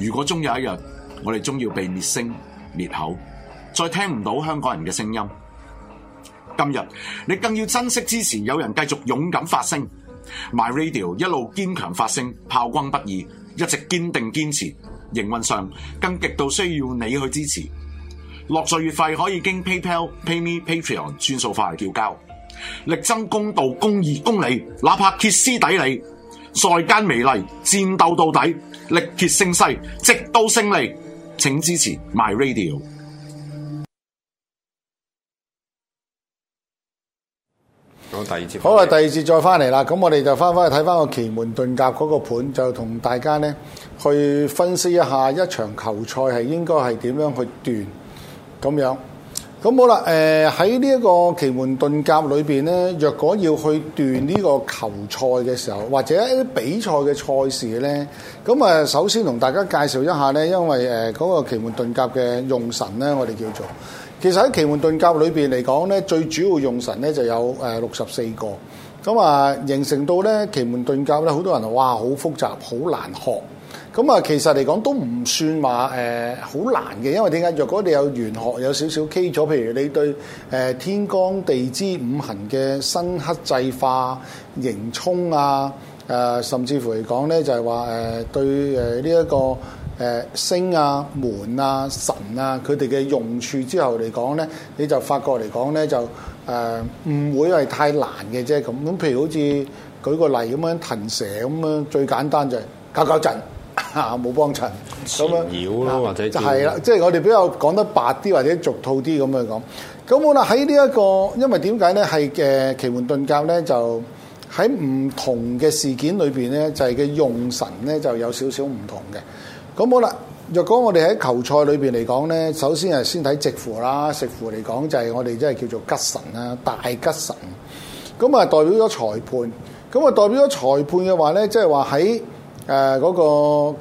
如果終有一日，我哋終要被滅聲滅口，再聽唔到香港人嘅聲音，今日你更要珍惜支持，有人繼續勇敢發聲，My Radio 一路堅強發聲，炮轟不已，一直堅定堅持，營運上更極度需要你去支持。落稅月費可以經 PayPal、PayMe、Patreon 轉數快嚟叫交，力爭公道、公義、公理，哪怕歇斯底里。賽間美麗，戰鬥到底，力竭勝勢，直到勝利，請支持 My Radio。好，第二節。好啦，第二節再翻嚟啦。咁我哋就翻翻去睇翻個奇門遁甲嗰個盤，就同大家呢去分析一下一場球賽係應該係點樣去斷咁樣。咁好啦，誒喺呢一個奇門遁甲裏邊咧，若果要去斷呢個球賽嘅時候，或者一啲比賽嘅賽事咧，咁啊首先同大家介紹一下咧，因為誒嗰個奇門遁甲嘅用神咧，我哋叫做，其實喺奇門遁甲裏邊嚟講咧，最主要用神咧就有誒六十四個，咁啊形成到咧奇門遁甲咧，好多人哇，好複雜，好難學。咁啊，其實嚟講都唔算話誒好難嘅，因為點解？若果你有玄學有少少基礎，譬如你對誒、呃、天光地支五行嘅生剋制化、刑沖啊，誒、呃、甚至乎嚟講咧，就係話誒對誒呢一個誒、呃、星啊、門啊、神啊，佢哋嘅用處之後嚟講咧，你就發覺嚟講咧就誒唔、呃、會係太難嘅啫。咁咁譬如好似舉個例咁樣，騰蛇咁樣，最簡單就係搞搞震。嚇冇幫襯，神妖咯，或者係啦，即係我哋比較講得白啲或者俗套啲咁樣講。咁好啦，喺呢一個，因為點解咧係嘅奇門遁甲咧，就喺唔同嘅事件裏邊咧，就係、是、嘅用神咧就有少少唔同嘅。咁好啦，若果我哋喺球賽裏邊嚟講咧，首先係先睇直符啦，直符嚟講就係我哋即係叫做吉神啦，大吉神。咁啊代表咗裁判，咁啊代表咗裁判嘅話咧，即係話喺。誒嗰、呃那個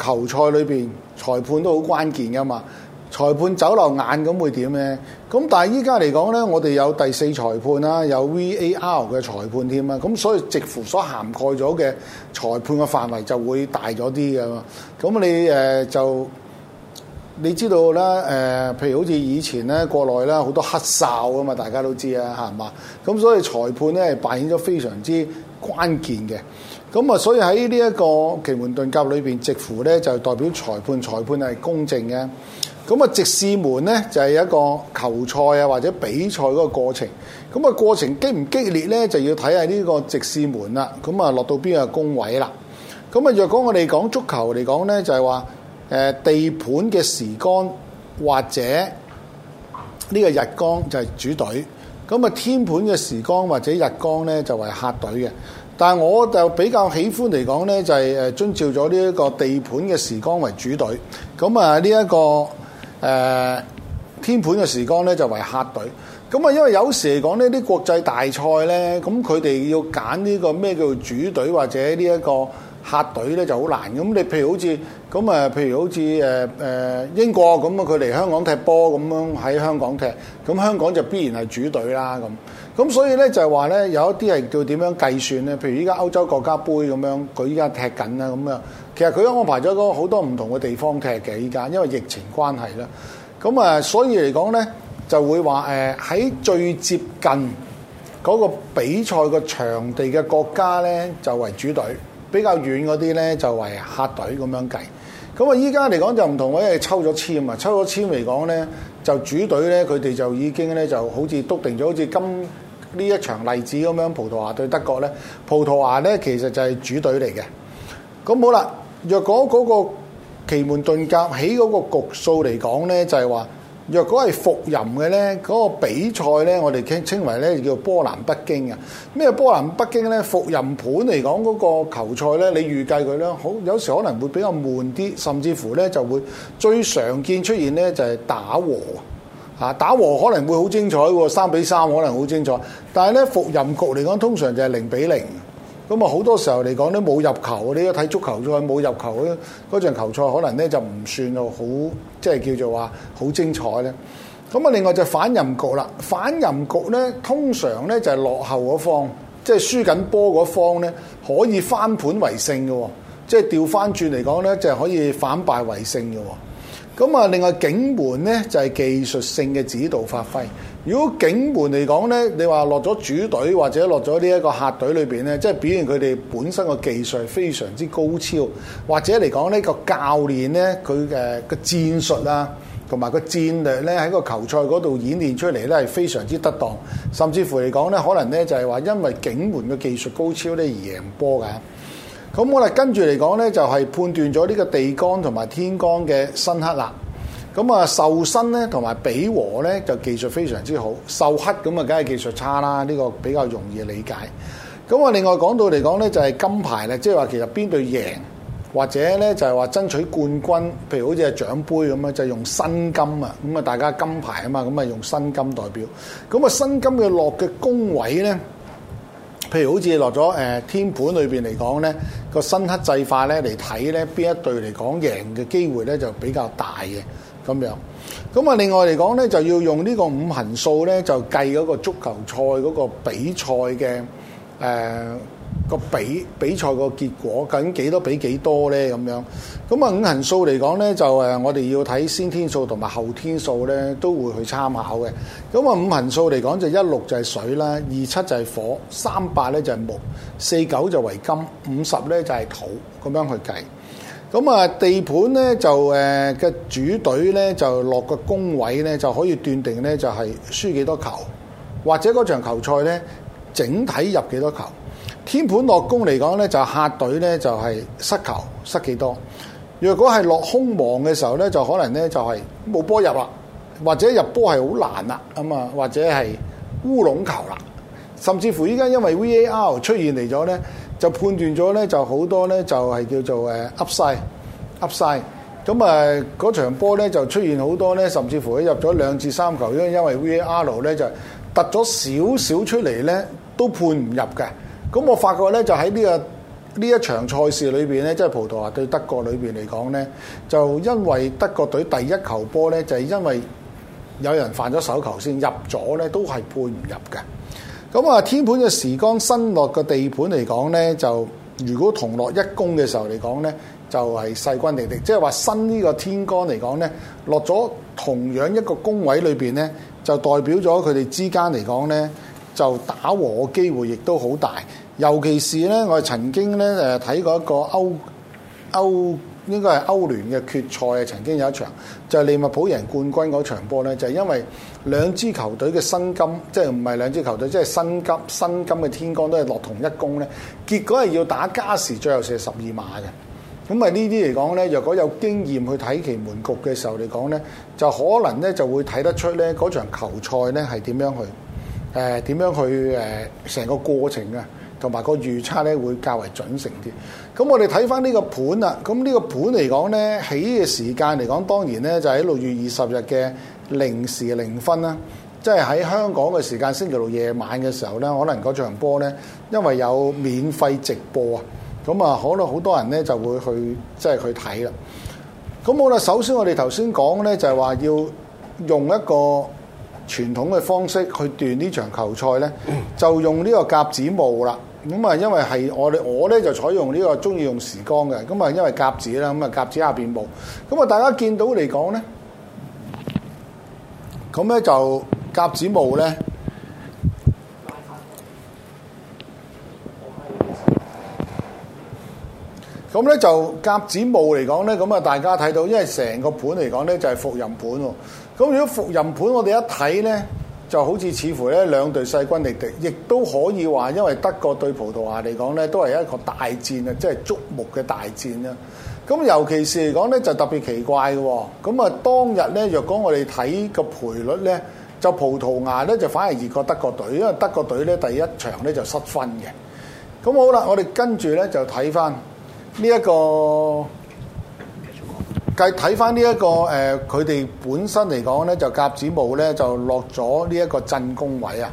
球賽裏邊，裁判都好關鍵噶嘛？裁判走漏眼咁會點呢？咁但係依家嚟講呢，我哋有第四裁判啦，有 VAR 嘅裁判添啊！咁、嗯、所以直乎所涵蓋咗嘅裁判嘅範圍就會大咗啲噶嘛。咁、嗯、你誒、呃、就你知道啦，誒、呃，譬如好似以前呢，國內啦好多黑哨啊嘛，大家都知啊，係嘛？咁、嗯、所以裁判呢，扮演咗非常之關鍵嘅。咁啊，所以喺呢一個奇門遁甲裏邊，直符咧就代表裁判，裁判係公正嘅。咁啊，直視門咧就係、是、一個球賽啊或者比賽嗰個過程。咁啊，過程激唔激烈咧，就要睇下呢個直視門啦。咁啊，落到邊個宮位啦？咁啊，若果我哋講足球嚟講咧，就係話誒地盤嘅時光或者呢個日光就係主隊。咁啊，天盤嘅時光或者日光咧就係客隊嘅。但係我就比較喜歡嚟講呢就係誒遵照咗呢一個地盤嘅時光為主隊，咁啊呢一個誒、呃、天盤嘅時光呢，就為客隊。咁啊，因為有時嚟講，呢啲國際大賽呢，咁佢哋要揀呢個咩叫做主隊或者呢一個客隊呢，就好難。咁你譬如好似咁啊，譬如好似誒誒英國咁啊，佢嚟香港踢波咁樣喺香港踢，咁香港就必然係主隊啦咁。咁所以咧就係話咧，有一啲係叫點樣計算咧？譬如依家歐洲國家杯咁樣，佢依家踢緊啦咁樣。其實佢安排咗好多唔同嘅地方踢嘅依家，因為疫情關係啦。咁啊，所以嚟講咧就會話誒喺最接近嗰個比賽個場地嘅國家咧就為主隊，比較遠嗰啲咧就為客隊咁樣計。咁啊，依家嚟講就唔同喎，因為抽咗籤啊，抽咗籤嚟講咧就主隊咧佢哋就已經咧就好似篤定咗，好似今呢一場例子咁樣葡萄牙對德國呢，葡萄牙呢，其實就係主隊嚟嘅。咁好啦，若果嗰個奇門遁甲起嗰個局數嚟講呢，就係、是、話若果係服任嘅呢，嗰、那個比賽呢，我哋稱稱為呢，叫波蘭北京啊。咩波蘭北京呢？服任盤嚟講嗰個球賽呢，你預計佢呢，好有時可能會比較悶啲，甚至乎呢，就會最常見出現呢，就係打和。啊，打和可能會好精彩喎，三比三可能好精彩。但係咧，伏吟局嚟講，通常就係零比零。咁啊，好多時候嚟講咧，冇入球，你一睇足球賽冇入球嗰場球賽，可能咧就唔算好，即係叫做話好精彩咧。咁啊，另外就反吟局啦，反吟局咧通常咧就係落後嗰方，即係輸緊波嗰方咧，可以翻盤為勝嘅喎，即係調翻轉嚟講咧，就係可以反敗為勝嘅喎。咁啊，另外警門咧就係技術性嘅指導發揮。如果警門嚟講咧，你話落咗主隊或者落咗呢一個客隊裏邊咧，即係表現佢哋本身嘅技術係非常之高超，或者嚟講呢個教練咧佢嘅個戰術啊，同埋個戰略咧喺個球賽嗰度演練出嚟咧係非常之得當，甚至乎嚟講咧可能咧就係話因為警門嘅技術高超咧而贏波㗎。咁我哋跟住嚟講咧，就係判斷咗呢個地幹同埋天干嘅生剋啦。咁啊，受生咧同埋比和咧就技術非常之好。受剋咁啊，梗係技術差啦。呢個比較容易理解。咁啊，另外講到嚟講咧，就係金牌咧，即係話其實邊隊贏或者咧就係話爭取冠軍，譬如好似係獎杯咁啊，就用辛金啊。咁啊，大家金牌啊嘛，咁啊用辛金代表。咁啊，辛金嘅落嘅宮位咧。譬如好似落咗誒天盤裏邊嚟講咧，個生剋制化咧嚟睇咧，邊一隊嚟講贏嘅機會咧就比較大嘅咁樣。咁啊，另外嚟講咧，就要用呢個五行數咧，就計嗰個足球賽嗰個比賽嘅誒。呃個比比賽個結果究竟幾多比幾多呢？咁樣咁啊，五行數嚟講呢，就誒，我哋要睇先天數同埋後天數呢都會去參考嘅。咁啊，五行數嚟講就一六就係水啦，二七就係火，三八呢就係木，四九就為金，五十呢就係土，咁樣去計。咁啊，地盤呢，就誒嘅、呃、主隊呢，就落個工位呢，就可以斷定呢就係、是、輸幾多球，或者嗰場球賽呢，整體入幾多球。天盤落宮嚟講咧，就客隊咧就係失球失幾多？若果係落空亡嘅時候咧，就可能咧就係冇波入啦，或者入波係好難啦，咁啊，或者係烏龍球啦。甚至乎依家因為 VAR 出現嚟咗咧，就判斷咗咧就好多咧就係叫做誒噏晒噏晒，咁啊嗰場波咧就出現好多咧，甚至乎佢入咗兩至三球，因因為 VAR 咧就突咗少少出嚟咧都判唔入嘅。咁我發覺咧，就喺呢個呢一場賽事裏邊咧，即係葡萄牙對德國裏邊嚟講咧，就因為德國隊第一球波咧，就係因為有人犯咗手球先入咗咧，都係判唔入嘅。咁啊，天盤嘅時光新落個地盤嚟講咧，就如果同落一宮嘅時候嚟講咧，就係勢均力敵。即係話新呢個天干嚟講咧，落咗同樣一個宮位裏邊咧，就代表咗佢哋之間嚟講咧。就打和嘅機會亦都好大，尤其是呢。我係曾經呢，誒、呃、睇過一個歐歐應該係歐聯嘅決賽曾經有一場就是、利物浦贏冠軍嗰場波呢，就係、是、因為兩支球隊嘅薪金，即係唔係兩支球隊，即係薪金薪金嘅天光都係落同一宮呢。結果係要打加時，最後射十二碼嘅。咁啊，呢啲嚟講呢，若果有經驗去睇其門局嘅時候嚟講呢，就可能呢就會睇得出呢嗰場球賽呢係點樣去。誒點、呃、樣去誒成、呃、個過程啊，同埋個預測咧會較為準成啲。咁、嗯、我哋睇翻呢個盤啦，咁、這、呢個盤嚟講咧，起嘅時間嚟講，當然咧就係喺六月二十日嘅零時零分啦，即係喺香港嘅時間，星期六夜晚嘅時候咧，可能嗰場波咧，因為有免費直播啊，咁啊，可能好多人咧就會去即係去睇啦。咁好咧，首先我哋頭先講咧，就係、是、話要用一個。傳統嘅方式去斷呢場球賽呢，就用呢個夾子帽啦，咁啊，因為係我哋，我呢就採用呢個鍾意用時光嘅，咁啊因為夾子啦，咁啊夾子下邊帽，大家見到嚟講呢，咁呢就夾子帽呢。咁如果復任盤，我哋一睇呢就好似似乎呢兩隊勢均力敵，亦都可以話，因為德國對葡萄牙嚟講呢都係一個大戰啊，即係矚目嘅大戰啦。咁尤其是嚟講呢，就特別奇怪嘅。咁啊，當日呢，若果我哋睇個賠率呢，就葡萄牙呢就反而弱過德國隊，因為德國隊呢第一場呢就失分嘅。咁好啦，我哋跟住呢就睇翻呢一個。計睇翻呢一個誒，佢、呃、哋本身嚟講咧，就甲子木咧就落咗呢一個震宮位啊！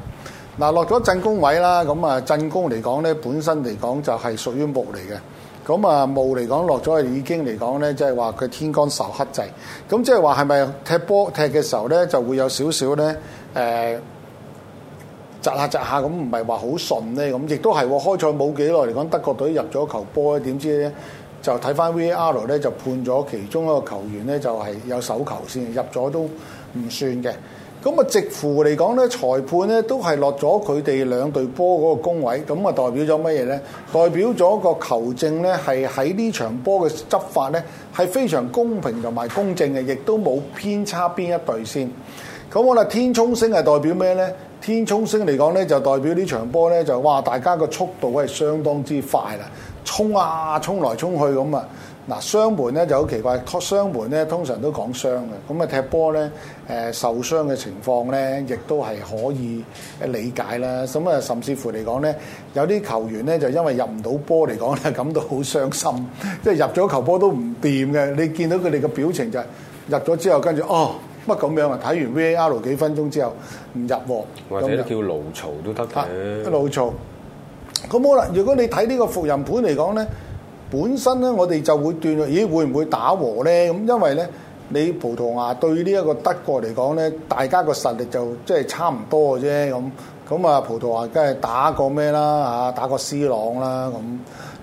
嗱，落咗震宮位啦，咁啊震宮嚟講咧，本身嚟講就係屬於木嚟嘅。咁啊木嚟講落咗，已經嚟講咧，即係話佢天干受剋制。咁即係話係咪踢波踢嘅時候咧，就會有少少咧誒窒下窒下咁，唔係話好順咧。咁亦都係開賽冇幾耐嚟講，德國隊入咗球波咧，點、啊、知咧？就睇翻 VAR 咧，就判咗其中一個球員咧，就係、是、有手球先入咗都唔算嘅。咁啊，直乎嚟講咧，裁判咧都係落咗佢哋兩隊波嗰個攻位，咁啊代表咗乜嘢咧？代表咗個球證咧係喺呢場波嘅執法咧係非常公平同埋公正嘅，亦都冇偏差邊一隊先。咁我話天沖星係代表咩咧？天沖星嚟講咧就代表場呢場波咧就哇大家個速度係相當之快啦。衝啊，衝來衝去咁啊！嗱，傷門咧就好奇怪，傷門咧通常都講傷嘅。咁啊，踢波咧，誒、呃、受傷嘅情況咧，亦都係可以理解啦。咁啊，甚至乎嚟講咧，有啲球員咧就因為入唔到波嚟講咧，感到好傷心。即係入咗球波都唔掂嘅，你見到佢哋嘅表情就係、是、入咗之後，跟住哦乜咁樣啊！睇完 VAR 幾分鐘之後唔入喎。或者叫牢嘈都得嘅，牢騷。咁好啦，如果你睇呢個複任盤嚟講咧，本身咧我哋就會斷，咦會唔會打和咧？咁因為咧，你葡萄牙對呢一個德國嚟講咧，大家個實力就即係差唔多嘅啫。咁咁啊葡萄牙梗係打過咩啦？嚇，打過 C 朗啦。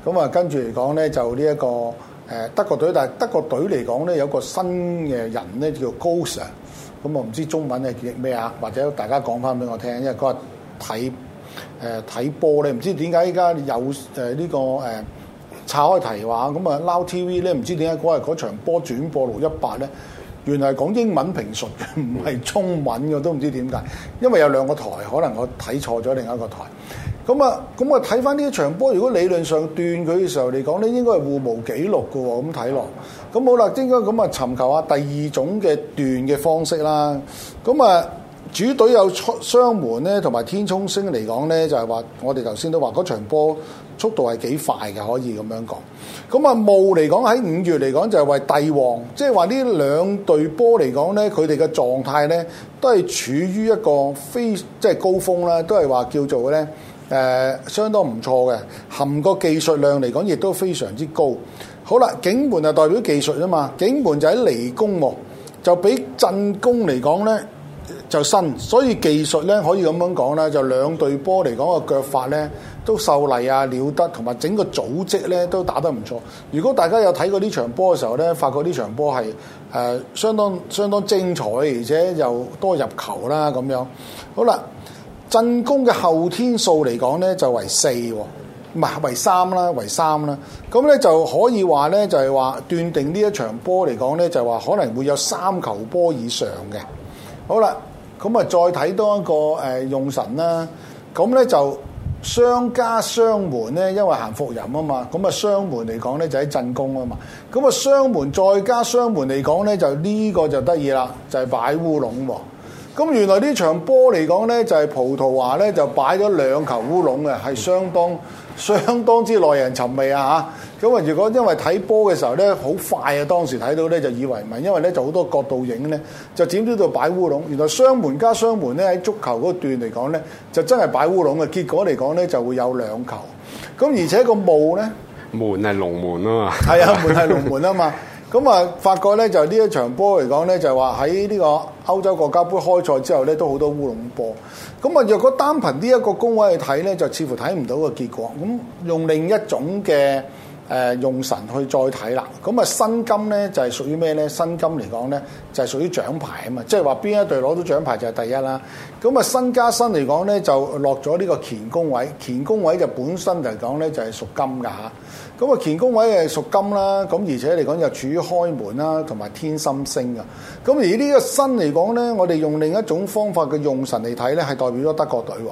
咁咁啊跟住嚟講咧，就呢一個誒德國隊，但係德國隊嚟講咧有個新嘅人咧叫高 Sir。咁我唔知中文係叫咩啊？或者大家講翻俾我聽，因為嗰日睇。誒睇波咧，唔、呃、知點解依家有誒呢、呃這個誒、呃、拆開題話咁啊撈 TV 咧，唔知點解嗰日嗰場波轉播路一百咧，原來係講英文評述嘅，唔 係中文嘅，都唔知點解。因為有兩個台，可能我睇錯咗另一個台。咁啊，咁啊睇翻呢一場波，如果理論上斷佢嘅時候嚟講咧，應該係互無紀錄嘅喎。咁睇落，咁好啦，應該咁啊，尋求下第二種嘅斷嘅方式啦。咁啊～主隊有雙門咧，同埋天沖星嚟講咧，就係話我哋頭先都話嗰場波速度係幾快嘅，可以咁樣講。咁啊，霧嚟講喺五月嚟講就係為帝王，即係話呢兩隊波嚟講咧，佢哋嘅狀態咧都係處於一個非即係高峰啦，都係話叫做咧誒、呃、相當唔錯嘅，含個技術量嚟講亦都非常之高。好啦，景門啊代表技術啊嘛，景門就喺離宮喎，就比進攻嚟講咧。就新，所以技術咧可以咁樣講啦。就兩隊波嚟講個腳法咧都秀麗啊、了得，同埋整個組織咧都打得唔錯。如果大家有睇過呢場波嘅時候咧，發覺呢場波係誒相當相當精彩，而且又多入球啦咁樣。好啦，進攻嘅後天數嚟講咧就為四，唔係為三啦，為三啦。咁咧就可以話咧就係話斷定呢一場波嚟講咧就話、是、可能會有三球波以上嘅。好啦，咁啊再睇多一個誒、呃、用神啦，咁咧就雙家雙門咧，因為行伏吟啊嘛，咁啊傷門嚟講咧就喺震宮啊嘛，咁啊傷門再加傷門嚟講咧就呢個就得意啦，就係、是、擺烏龍喎。咁原來呢場波嚟講呢，就係葡萄牙呢，就擺咗兩球烏龍嘅，係相當相當之耐人尋味啊嚇！咁啊，如果因為睇波嘅時候呢，好快啊，當時睇到呢，就以為唔係，因為呢就好多角度影呢，就點知度擺烏龍。原來雙門加雙門呢，喺足球嗰段嚟講呢，就真係擺烏龍嘅。結果嚟講呢，就會有兩球。咁而且個門呢，門係龍門啊嘛，係啊，門係龍門啊嘛。咁啊，發覺咧就呢一場波嚟講咧，就係話喺呢個歐洲國家杯開賽之後咧，都好多烏龍波。咁啊，若果單憑呢一個宮位去睇咧，就似乎睇唔到個結果。咁用另一種嘅誒、呃、用神去再睇啦。咁啊，辛金咧就係、是、屬於咩咧？辛金嚟講咧就係、是、屬於獎牌啊嘛，即係話邊一隊攞到獎牌就係第一啦。咁啊，辛加辛嚟講咧就落咗呢個乾宮位，乾宮位就本身嚟講咧就係、是、屬金噶嚇。咁啊，乾宮位係屬金啦，咁而且嚟講又處於開門啦，同埋天心星嘅。咁而呢個新嚟講咧，我哋用另一種方法嘅用神嚟睇咧，係代表咗德國隊喎。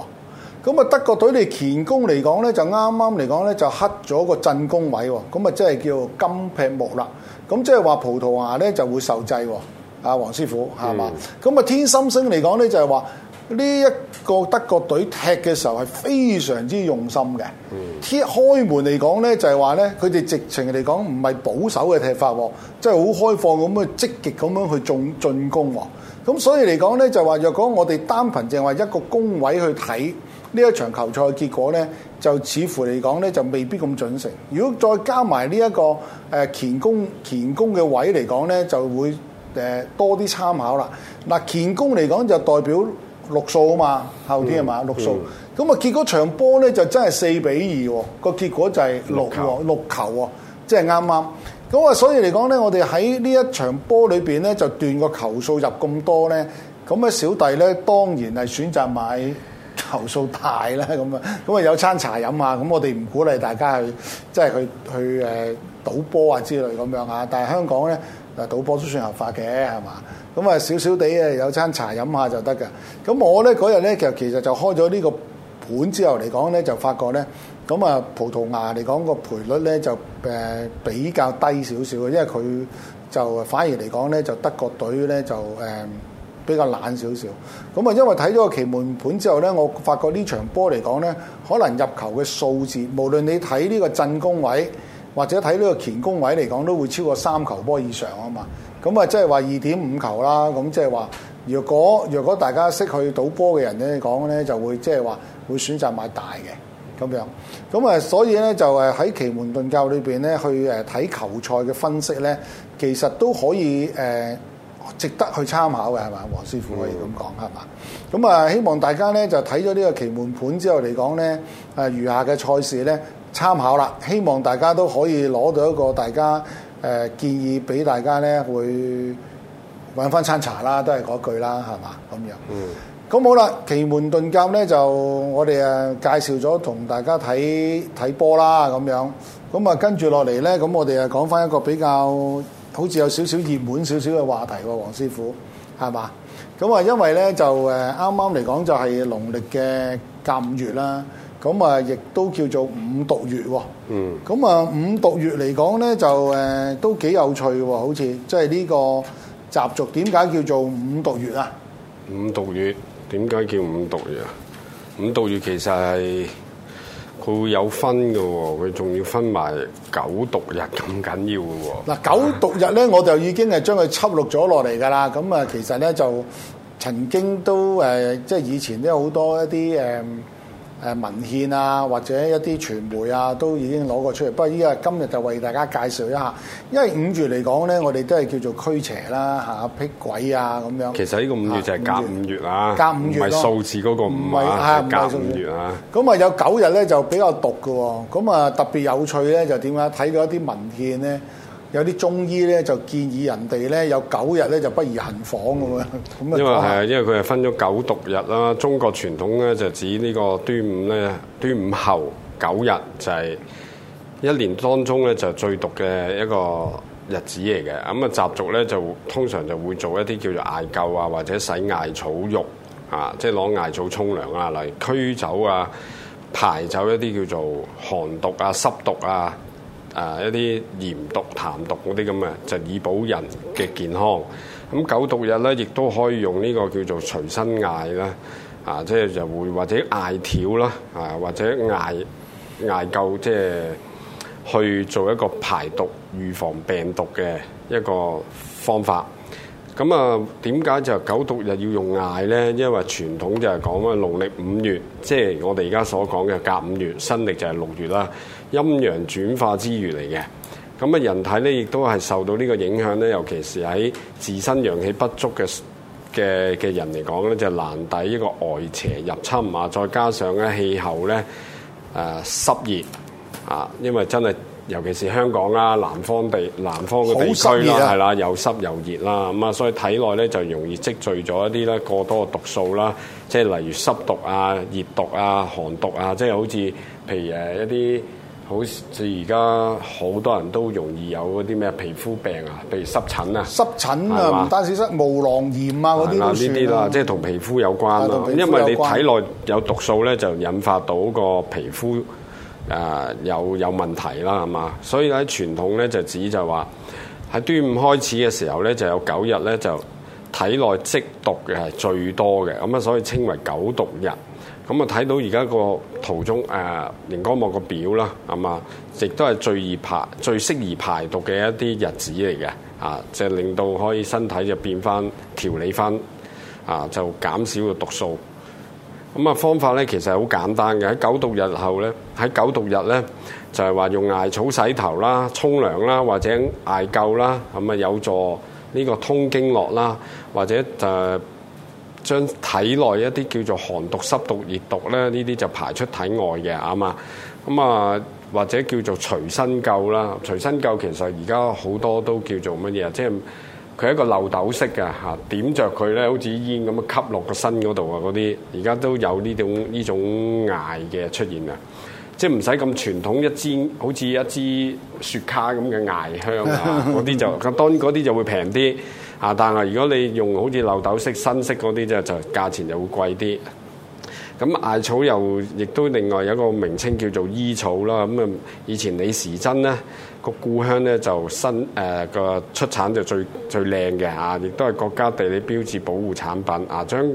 咁啊，德國隊你乾宮嚟講咧，就啱啱嚟講咧就黑咗個震宮位喎。咁啊，即係叫金劈木啦。咁即係話葡萄牙咧就會受制喎。啊，黃師傅係嘛？咁啊、嗯，天心星嚟講咧就係話。呢一個德國隊踢嘅時候係非常之用心嘅。踢開門嚟講呢，就係話呢，佢哋直情嚟講唔係保守嘅踢法喎，即係好開放咁去積極咁樣去進進攻喎。咁所以嚟講呢，就話若果我哋單憑淨話一個宮位去睇呢一場球賽嘅結果呢，就似乎嚟講呢，就未必咁準成。如果再加埋呢一個誒遷宮遷宮嘅位嚟講呢，就會誒多啲參考啦。嗱，遷宮嚟講就代表。六數啊嘛，後天啊嘛，六數，咁啊、嗯嗯，結果場波咧就真係四比二喎，個結果就係六六球喎，即係啱啱。咁啊、嗯，所以嚟講咧，我哋喺呢一場波裏邊咧，就斷個球數入咁多咧，咁啊，小弟咧當然係選擇買球數大啦，咁啊，咁啊有餐茶飲啊，咁我哋唔鼓勵大家去，即係去去誒賭波啊之類咁樣啊，但係香港咧。啊，賭波都算合法嘅，係嘛？咁啊，少少地啊，有餐茶飲下就得㗎。咁我咧嗰日咧，其實其實就開咗呢個盤之後嚟講咧，就發覺咧，咁啊葡萄牙嚟講個賠率咧就誒、呃、比較低少少嘅，因為佢就反而嚟講咧，就德國隊咧就誒、呃、比較懶少少。咁啊，因為睇咗個奇門盤之後咧，我發覺呢場波嚟講咧，可能入球嘅數字，無論你睇呢個進攻位，或者睇呢個乾宮位嚟講，都會超過三球波以上啊嘛！咁啊，即係話二點五球啦。咁即係話，若果若果大家識去賭波嘅人咧講咧，就會即係話會選擇買大嘅咁樣。咁啊，所以咧就誒喺奇門遁甲裏邊咧，去誒睇球賽嘅分析咧，其實都可以誒、呃、值得去參考嘅係嘛？黃師傅可以咁講係嘛？咁啊、mm，hmm。希望大家咧就睇咗呢個奇門盤之後嚟講咧，誒餘下嘅賽事咧。參考啦，希望大家都可以攞到一個大家誒、呃、建議俾大家咧，會揾翻餐茶啦，都係嗰句啦，係嘛咁樣。嗯。咁好啦，奇門遁甲咧就我哋誒介紹咗同大家睇睇波啦，咁樣。咁啊跟住落嚟咧，咁我哋啊講翻一個比較好似有少少熱門少少嘅話題喎、啊，黃師傅係嘛？咁啊因為咧就誒啱啱嚟講就係農曆嘅甲午月啦。咁啊，亦都叫做五毒月喎。嗯。咁啊，五毒月嚟講咧，就誒、呃、都幾有趣喎。好似即係呢個習俗，點解叫做五毒月啊？五毒月點解叫五毒月啊？五毒月其實係佢會有分嘅，佢仲要分埋九毒日咁緊要嘅喎。嗱，九毒日咧，我就已經係將佢輯錄咗落嚟㗎啦。咁啊，其實咧就曾經都誒、呃，即係以前都有好多一啲誒。呃誒文獻啊，或者一啲傳媒啊，都已經攞過出嚟。不過依家今日就為大家介紹一下，因為五月嚟講咧，我哋都係叫做驅邪啦、啊，嚇辟鬼啊咁樣。其實呢個五月就係甲午月啊，甲午月咯。唔係數字嗰個五啊，係甲午月啊。咁啊有九日咧就比較毒嘅喎，咁啊特別有趣咧就點解睇到一啲文獻咧。有啲中醫咧就建議人哋咧有九日咧就不宜行房咁啊，因為係啊，因為佢係分咗九毒日啦。中國傳統咧就指呢個端午咧，端午後九日就係一年當中咧就最毒嘅一個日子嚟嘅。咁啊習俗咧就通常就會做一啲叫做艾灸啊，或者洗艾草浴啊，即係攞艾草沖涼啊嚟驅走啊排走一啲叫做寒毒啊濕毒啊。誒一啲鹽毒、痰毒嗰啲咁嘅，就以保人嘅健康。咁九毒日咧，亦都可以用呢個叫做隨身艾啦，啊，即係就會或者艾條啦，啊，或者艾艾灸，即係去做一個排毒、預防病毒嘅一個方法。咁啊，點解就九毒日要用艾咧？因為傳統就係講啊，農曆五月，即係我哋而家所講嘅甲五月，新曆就係六月啦。陰陽轉化之餘嚟嘅，咁啊人體咧亦都係受到呢個影響咧，尤其是喺自身陽氣不足嘅嘅嘅人嚟講咧，就是、難抵呢個外邪入侵啊！再加上咧氣候咧誒、呃、濕熱啊，因為真係尤其是香港啊南方地南方嘅地，地區啦，係啦又濕又熱啦，咁啊所以體內咧就容易積聚咗一啲咧過多嘅毒素啦，即係例如濕毒啊、熱毒啊、寒毒啊，即係好似譬如誒一啲。好似而家好多人都容易有嗰啲咩皮膚病啊，譬如濕疹啊，濕疹啊，唔吧單止得毛囊炎啊嗰啲。嗱呢啲啦，即係同皮膚有關啦，關因為你體內有毒素咧，就引發到個皮膚誒、呃、有有問題啦，係嘛？所以喺傳統咧就指就話喺端午開始嘅時候咧，就有九日咧就體內積毒嘅係最多嘅，咁啊所以稱為九毒日。咁啊，睇到而家個途中誒，熒、呃、光幕個表啦，係嘛，亦都係最易排、最適宜排毒嘅一啲日子嚟嘅。啊，即係令到可以身體就變翻調理翻，啊，就減少個毒素。咁啊，方法咧其實好簡單嘅。喺九毒日後咧，喺九毒日咧，就係話用艾草洗頭啦、沖涼啦，或者艾灸啦，咁啊，啊有助呢個通經絡啦，啊，或者誒。啊將體內一啲叫做寒毒、濕毒、熱毒咧，呢啲就排出體外嘅啊咁啊，或者叫做隨身灸啦，隨身灸其實而家好多都叫做乜嘢啊？即係佢係一個漏斗式嘅嚇、啊，點着佢咧，好似煙咁啊，吸落個身嗰度啊，嗰啲而家都有呢種呢種艾嘅出現啊，即係唔使咁傳統一，一支好似一支雪茄咁嘅艾香啊，嗰啲 就當然嗰啲就會平啲。啊！但係如果你用好似漏斗式、新式嗰啲啫，就價錢就會貴啲。咁艾草又亦都另外有一個名稱叫做醫草啦。咁啊，以前李時珍咧個故鄉咧就新誒個、呃、出產就最最靚嘅啊，亦都係國家地理標誌保護產品。啊，將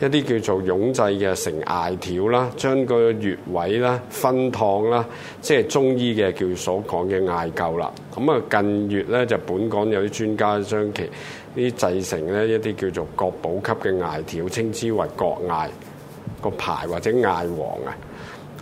一啲叫做擁製嘅成艾條啦，將個穴位啦、燻燙啦，即係中醫嘅叫所講嘅艾灸啦。咁啊，近月咧就本港有啲專家將其呢啲製成呢，一啲叫做國寶級嘅艾條，稱之為國艾個牌或者艾王啊。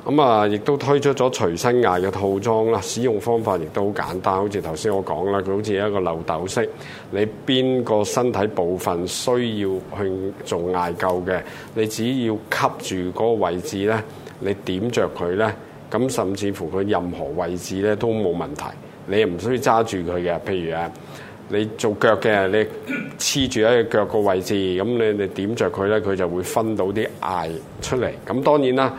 咁啊，亦都推出咗隨身艾嘅套裝啦。使用方法亦都好簡單，好似頭先我講啦，佢好似一個漏斗式。你邊個身體部分需要去做艾灸嘅，你只要吸住嗰個位置呢，你點着佢呢，咁甚至乎佢任何位置呢都冇問題。你唔需要揸住佢嘅，譬如啊。你做腳嘅，你黐住喺腳個位置，咁你你點着佢咧，佢就會分到啲艾出嚟。咁當然啦，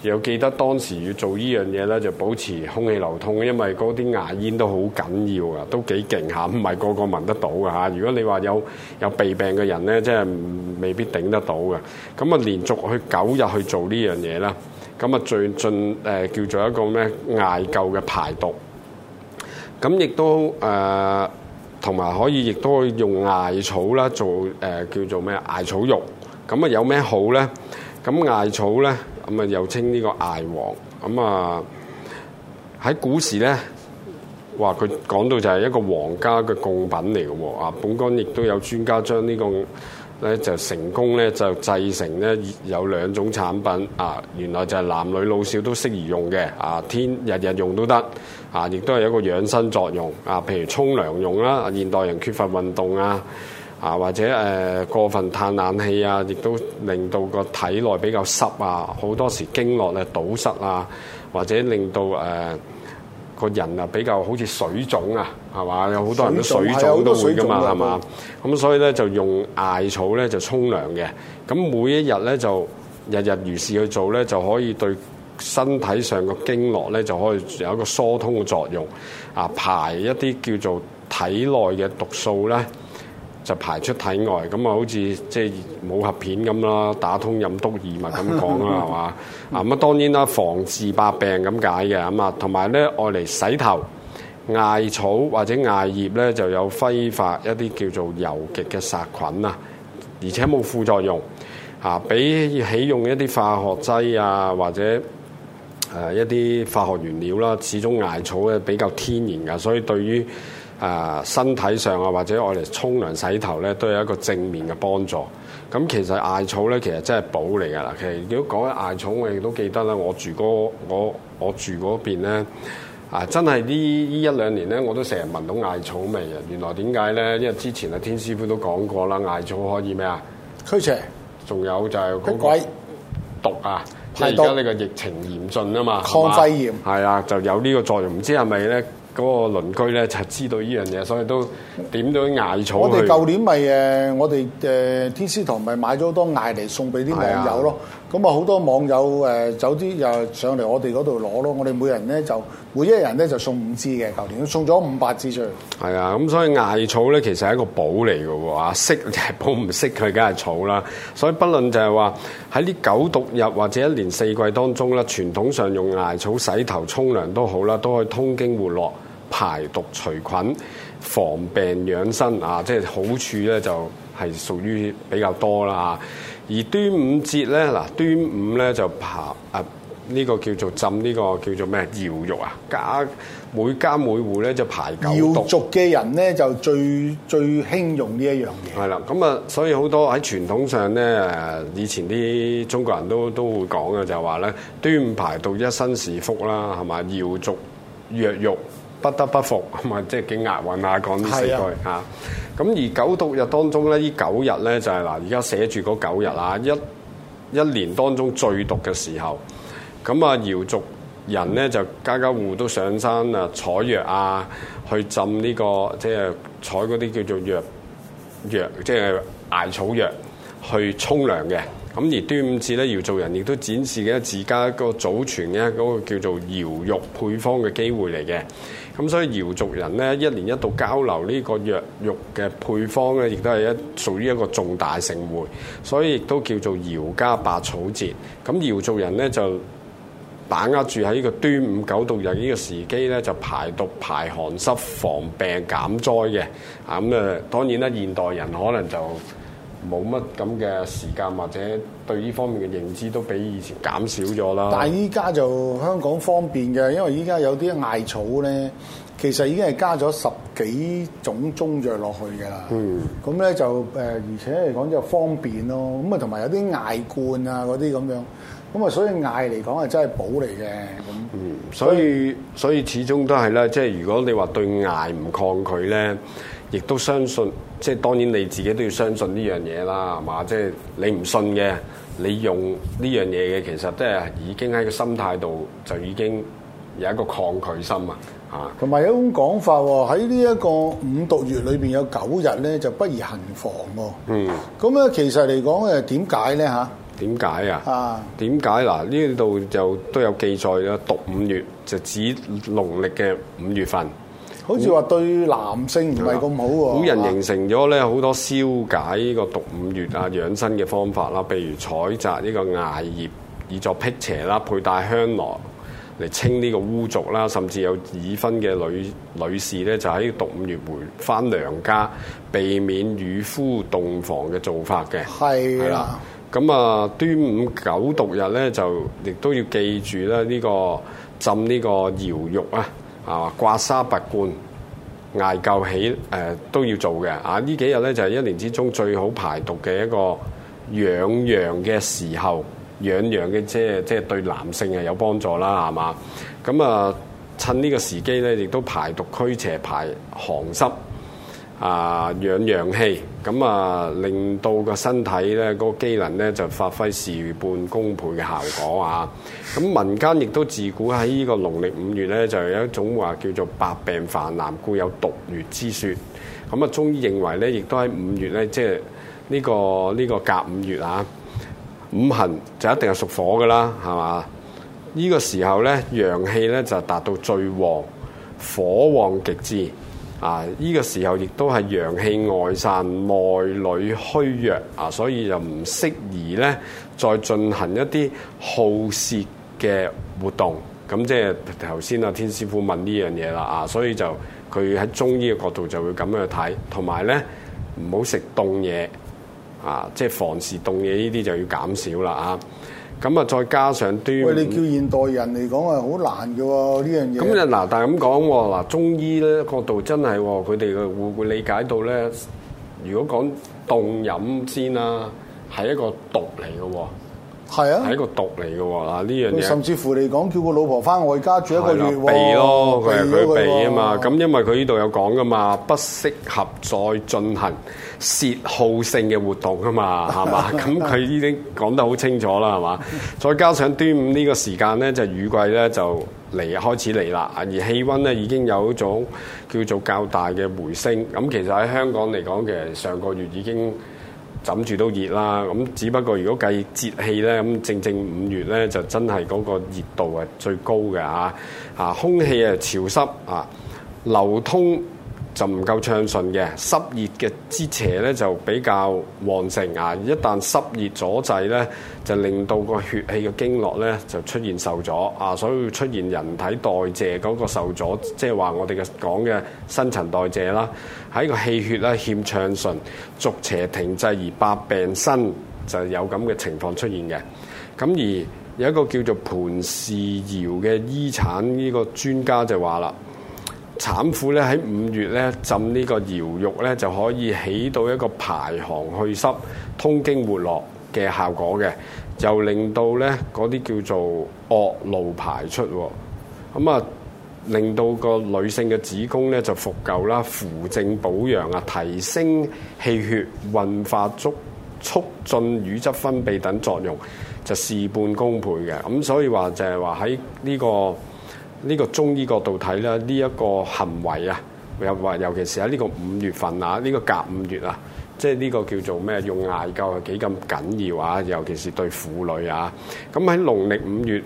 又記得當時要做呢樣嘢咧，就保持空氣流通，因為嗰啲牙煙都好緊要啊，都幾勁吓，唔係個個聞得到㗎吓。如果你話有有鼻病嘅人咧，真係未必頂得到㗎。咁啊，連續去九日去做呢樣嘢啦，咁啊，最盡誒叫做一個咩艾灸嘅排毒。咁亦都誒。呃同埋可以，亦都可以用艾草啦，做誒、呃、叫做咩？艾草肉，咁啊有咩好咧？咁艾草咧，咁啊又稱呢個艾王，咁啊喺古時咧，話佢講到就係一個皇家嘅供品嚟嘅喎。啊，本港亦都有專家將呢、呢個。咧就成功咧就製成咧有兩種產品啊，原來就係男女老少都適宜用嘅啊，天日日用都得啊，亦都係一個養生作用啊，譬如沖涼用啦、啊，現代人缺乏運動啊啊，或者誒、呃、過分嘆冷氣啊，亦都令到個體內比較濕啊，好多時經絡咧堵塞啊，或者令到誒、呃、個人啊比較好似水腫啊。係、嗯、嘛？有好多人都水腫都會噶嘛，係嘛？咁所以咧就用艾草咧就沖涼嘅。咁每一日咧就日日如是去做咧，就可以對身體上嘅經絡咧就可以有一個疏通嘅作用。啊，排一啲叫做體內嘅毒素咧，就排出體外。咁啊，好似即係武俠片咁啦，打通任督二脈咁講啦，係嘛？ 啊咁啊，當然啦，防治百病咁解嘅咁啊，同埋咧艾嚟洗頭。艾草或者艾葉咧，就有揮發一啲叫做油極嘅殺菌啊，而且冇副作用嚇、啊，比起用一啲化學劑啊或者誒、啊、一啲化學原料啦，始終艾草咧比較天然噶，所以對於誒、啊、身體上啊或者我哋沖涼洗頭咧，都有一個正面嘅幫助。咁、啊、其實艾草咧，其實真係寶嚟㗎啦。其實如果講起艾草，我亦都記得啦，我住嗰我我住嗰邊咧。啊！真係呢依一兩年咧，我都成日聞到艾草味啊！原來點解咧？因為之前啊，天師傅都講過啦，艾草可以咩啊？驅邪。仲有就係，嗰個毒啊！即係而家呢個疫情嚴峻啊嘛。抗肺炎。係啊，就有呢個作用。唔知係咪咧？嗰、嗰個鄰居咧，就知道呢樣嘢，所以都點咗艾草。我哋舊年咪、就、誒、是，uh, 我哋誒、uh, 天師堂咪買咗好多艾嚟送俾啲網友咯。咁啊，好多網友誒，有、呃、啲又上嚟我哋嗰度攞咯，我哋每人咧就每一人咧就送五支嘅舊年，送咗五百支出嚟。係啊，咁所以艾草咧其實係一個寶嚟嘅喎，識就係寶，唔識佢梗係草啦。所以不論就係話喺啲九毒日或者一年四季當中啦，傳統上用艾草洗頭、沖涼都好啦，都可以通經活絡、排毒除菌、防病養生啊，即係好處咧就～係屬於比較多啦，而端午節咧，嗱端午咧就排誒呢、啊呢個叫做浸呢個叫做咩？瑤浴啊，家每家每戶咧就排九。瑤族嘅人咧就最最輕用呢一樣嘢。係啦，咁啊，所以好多喺傳統上咧，以前啲中國人都都會講嘅就係話咧，端午排到一身是福啦，係嘛？瑤族藥浴。不得不服，咁啊，即係幾押韻啊！講呢四句嚇。咁而九毒日當中咧，呢九日咧就係、是、嗱，而家寫住嗰九日啊，一一年當中最毒嘅時候。咁啊，瑤族人咧就家家戶都上山啊採藥啊，去浸呢、這個即係採嗰啲叫做藥藥，即係艾草藥去沖涼嘅。咁而端午節咧，瑤族人亦都展示嘅自家一個祖傳嘅嗰個叫做瑤藥配方嘅機會嚟嘅。咁所以瑤族人咧一年一度交流呢個藥浴嘅配方咧，亦都係一屬於一個重大盛會，所以亦都叫做瑤家百草節。咁瑤族人咧就把握住喺呢個端午九度日呢個時機咧，就排毒排寒濕防病減災嘅。啊咁啊，當然啦，現代人可能就～冇乜咁嘅時間，或者對呢方面嘅認知都比以前減少咗啦。但係依家就香港方便嘅，因為依家有啲艾草咧，其實已經係加咗十幾種中藥落去嘅啦。嗯，咁咧就誒、呃，而且嚟講就方便咯。咁啊，同埋有啲艾罐啊嗰啲咁樣，咁啊，所以艾嚟講係真係補嚟嘅。咁、嗯，所以所以，所以始終都係啦，即係如果你話對艾唔抗拒咧，亦都相信。即係當然你自己都要相信呢樣嘢啦，係嘛？即係你唔信嘅，你用呢樣嘢嘅，其實都係已經喺個心態度就已經有一個抗拒心啊！啊，同埋有種講法喎，喺呢一個五毒月裏邊有九日咧，就不宜行房喎。嗯。咁啊，其實嚟講誒，點解咧嚇？點解啊？啊？點解嗱？呢度就都有記載啦。毒五月就指農曆嘅五月份。好似話對男性唔係咁好喎。古人形成咗咧好多消解個毒五月啊養生嘅方法啦，譬如採摘呢個艾葉以作辟邪啦，佩戴香囊嚟清呢個污濁啦，甚至有已婚嘅女女士咧就喺毒五月回翻娘家，避免與夫洞房嘅做法嘅。係啦的，咁啊的端午九毒日咧就亦都要記住啦，呢個浸呢個瑤浴啊。啊！刮痧拔罐，艾灸起誒、呃、都要做嘅。啊！呢幾日咧就係、是、一年之中最好排毒嘅一個養陽嘅時候，養陽嘅即係即係對男性係有幫助啦，係嘛？咁啊，趁呢個時機咧，亦都排毒驅邪排寒濕。啊，養陽氣，咁啊，令到個身體咧，個機能咧就發揮事半功倍嘅效果啊！咁、啊、民間亦都自古喺呢個農曆五月咧，就有一種話叫做百病泛濫，故有毒月之説。咁啊，中醫認為咧，亦都喺五月咧，即係呢、呢個呢、呢個甲五月啊，五行就一定係屬火嘅啦，係嘛？呢、呢個時候咧，陽氣咧就達到最旺，火旺極之。啊！呢個時候亦都係陽氣外散、內裏虛弱啊，所以就唔適宜咧，再進行一啲耗泄嘅活動。咁即係頭先阿天師傅問呢樣嘢啦啊，所以就佢喺中醫嘅角度就會咁樣去睇，同埋咧唔好食凍嘢啊，即係防時凍嘢呢啲就要減少啦啊！咁啊，再加上端，喂，你叫現代人嚟講啊，係好難㗎喎呢樣嘢。咁啊嗱，但係咁講喎，嗱，中醫咧角度真係喎，佢哋嘅會會理解到咧，如果講凍飲先啦，係一個毒嚟嘅喎。係啊，係一個毒嚟嘅喎，呢樣嘢甚至乎嚟講，叫個老婆翻外家住一個月，避咯，佢係佢避啊吧嘛。咁吧因為佢呢度有講嘅嘛，不適合再進行洩耗性嘅活動啊嘛，係嘛。咁佢 已經講得好清楚啦，係嘛。再加上端午呢個時間咧，就雨季咧就嚟開始嚟啦，而氣温咧已經有一種叫做較大嘅回升。咁其實喺香港嚟講，其實上個月已經。枕住都熱啦，咁只不過如果計節氣咧，咁正正五月咧就真係嗰個熱度係最高嘅嚇，嚇、啊、空氣啊，潮濕啊流通就唔夠暢順嘅濕熱嘅之邪咧就比較旺盛啊！一旦濕熱阻滯咧，就令到個血氣嘅經絡咧就出現受阻啊，所以出現人體代謝嗰個受阻，即係話我哋嘅講嘅新陳代謝啦，喺個氣血啊欠暢順，逐邪停滯而百病生，就有咁嘅情況出現嘅。咁而有一個叫做盤氏瑤嘅醫產呢個專家就話啦。產婦咧喺五月咧浸呢個瑤浴咧就可以起到一個排寒祛濕、通經活絡嘅效果嘅，又令到咧嗰啲叫做惡露排出，咁、哦、啊令到個女性嘅子宮咧就復舊啦、扶正保養啊、提升氣血運化促、促促進乳汁分泌等作用，就事半功倍嘅。咁、嗯、所以話就係話喺呢個。呢個中醫角度睇咧，呢、這、一個行為啊，又話，尤其是喺呢個五月份啊，呢、這個甲五月啊，即係呢個叫做咩用艾灸幾咁緊要啊？尤其是對婦女啊，咁喺農曆五月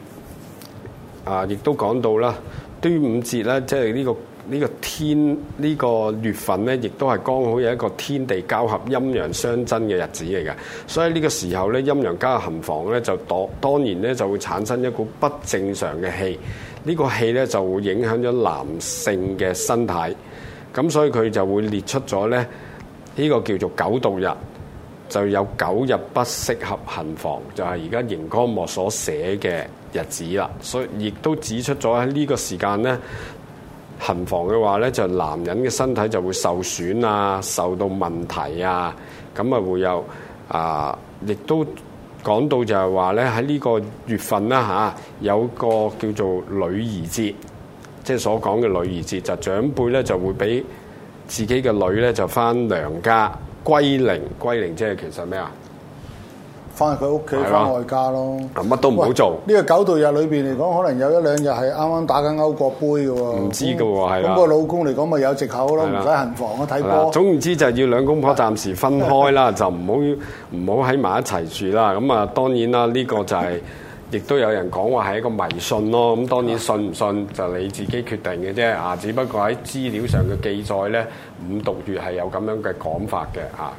啊，亦都講到啦，端午節咧，即係呢、這個呢、這個天呢、這個月份咧，亦都係剛好有一個天地交合、陰陽相爭嘅日子嚟嘅，所以呢個時候咧，陰陽交合、行房咧，就當當然咧就會產生一股不正常嘅氣。個戲呢個戲咧就會影響咗男性嘅身體，咁所以佢就會列出咗咧呢、這個叫做九毒日，就有九日不適合行房，就係而家《螢光幕》所寫嘅日子啦。所以亦都指出咗喺呢個時間呢，行房嘅話呢，就是、男人嘅身體就會受損啊，受到問題啊，咁啊會有啊、呃，亦都。講到就係話咧，喺呢個月份啦嚇、啊，有個叫做女兒節，即係所講嘅女兒節就係，長輩咧就會俾自己嘅女咧就返娘家歸寧，歸寧即係其實咩啊？翻去佢屋企，翻的外家咯。乜都唔好做。呢、這個九毒日裏邊嚟講，可能有一兩日係啱啱打緊歐國杯嘅喎。唔知嘅喎，咁那的個老公嚟講，咪有藉口咯，唔使的行房啊，睇波。總言之，就係要兩公婆暫時分開啦，的就唔好唔好喺埋一齊住啦。咁啊的，當然啦，呢、這個就係、是、 亦都有人講話係一個迷信咯。咁當然信唔信就你自己決定嘅啫。啊，只不過喺資料上嘅記載咧，五毒月係有咁樣嘅講法嘅啊。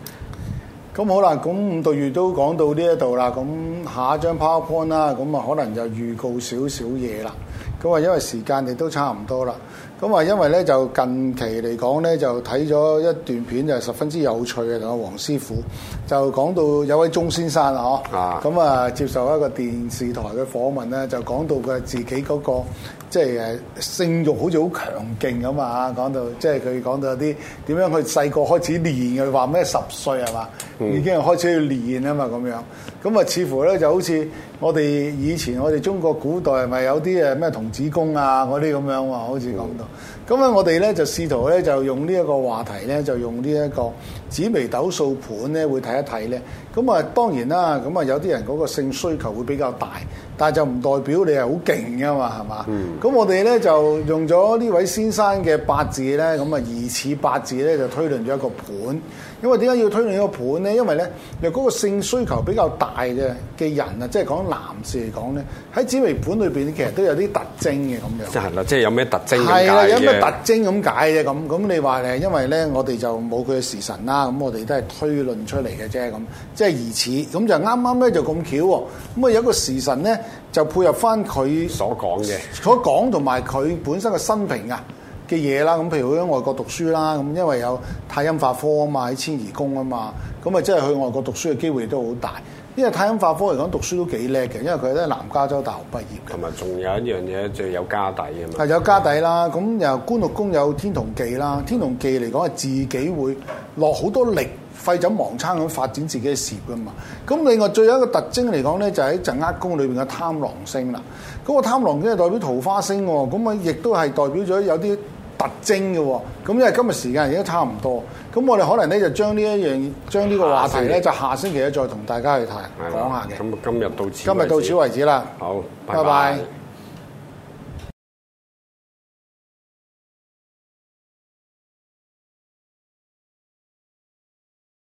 咁好啦，咁五毒月都講到呢一度啦，咁下一張 PowerPoint 啦，咁啊可能就預告少少嘢啦。咁啊，因為時間亦都差唔多啦。咁啊，因為咧就近期嚟講咧，就睇咗一段片就十分之有趣嘅，同阿黃師傅就講到有位鍾先生啦，嗬。啊。咁啊，接受一個電視台嘅訪問咧、那個，就講到佢自己嗰個即係性慾好似好強勁咁嘛。講到即係佢講到有啲點樣去細個開始練嘅話咩？十歲係嘛，嗯、已經開始去練啊嘛，咁樣。咁啊，似乎咧就好似我哋以前我哋中國古代係咪有啲誒咩童子功啊嗰啲咁樣喎，好似講到。 咁啊，我哋咧就試圖咧就用呢一個話題咧，就用呢一個紫微斗數盤咧，會睇一睇咧。咁啊，當然啦，咁啊有啲人嗰個性需求會比較大，但係就唔代表你係好勁噶嘛，係嘛？咁、嗯、我哋咧就用咗呢位先生嘅八字咧，咁啊疑似八字咧就推論咗一個盤。因為點解要推論一個盤咧？因為咧，若嗰個性需求比較大嘅嘅人啊，即係講男士嚟講咧，喺紫微盤裏邊其實都有啲特徵嘅咁樣。即係啦，即係有咩特徵？係啦，有咩？ 特徵咁解啫，咁咁你話咧，因為咧，我哋就冇佢嘅時辰啦，咁我哋都係推論出嚟嘅啫，咁即係如此。咁就啱啱咧就咁巧喎，咁啊有一個時辰咧就配合翻佢所講嘅，所講同埋佢本身嘅生平啊嘅嘢啦。咁譬如佢喺外國讀書啦，咁因為有太陰化科啊嘛，喺遷移宮啊嘛，咁啊即係去外國讀書嘅機會都好大。呢個太陽化科嚟講，讀書都幾叻嘅，因為佢喺南加州大學畢業嘅。同埋仲有一樣嘢，就係有家底啊嘛。係、嗯、有家底啦，咁又官祿宮有天同記啦，天同記嚟講係自己會落好多力，廢寢忘餐咁發展自己嘅事業噶嘛。咁另外最後一個特徵嚟講咧，就喺、是、鎮壓宮裏邊嘅貪狼星啦。嗰個貪狼星係代表桃花星喎，咁啊亦都係代表咗有啲特徵嘅喎。咁因為今日時間已經差唔多。咁我哋可能咧就將呢一樣，將呢個話題咧四就下星期一再同大家去談講的下嘅。咁啊，今日到此，今日到此為止啦。止好，拜拜。拜拜。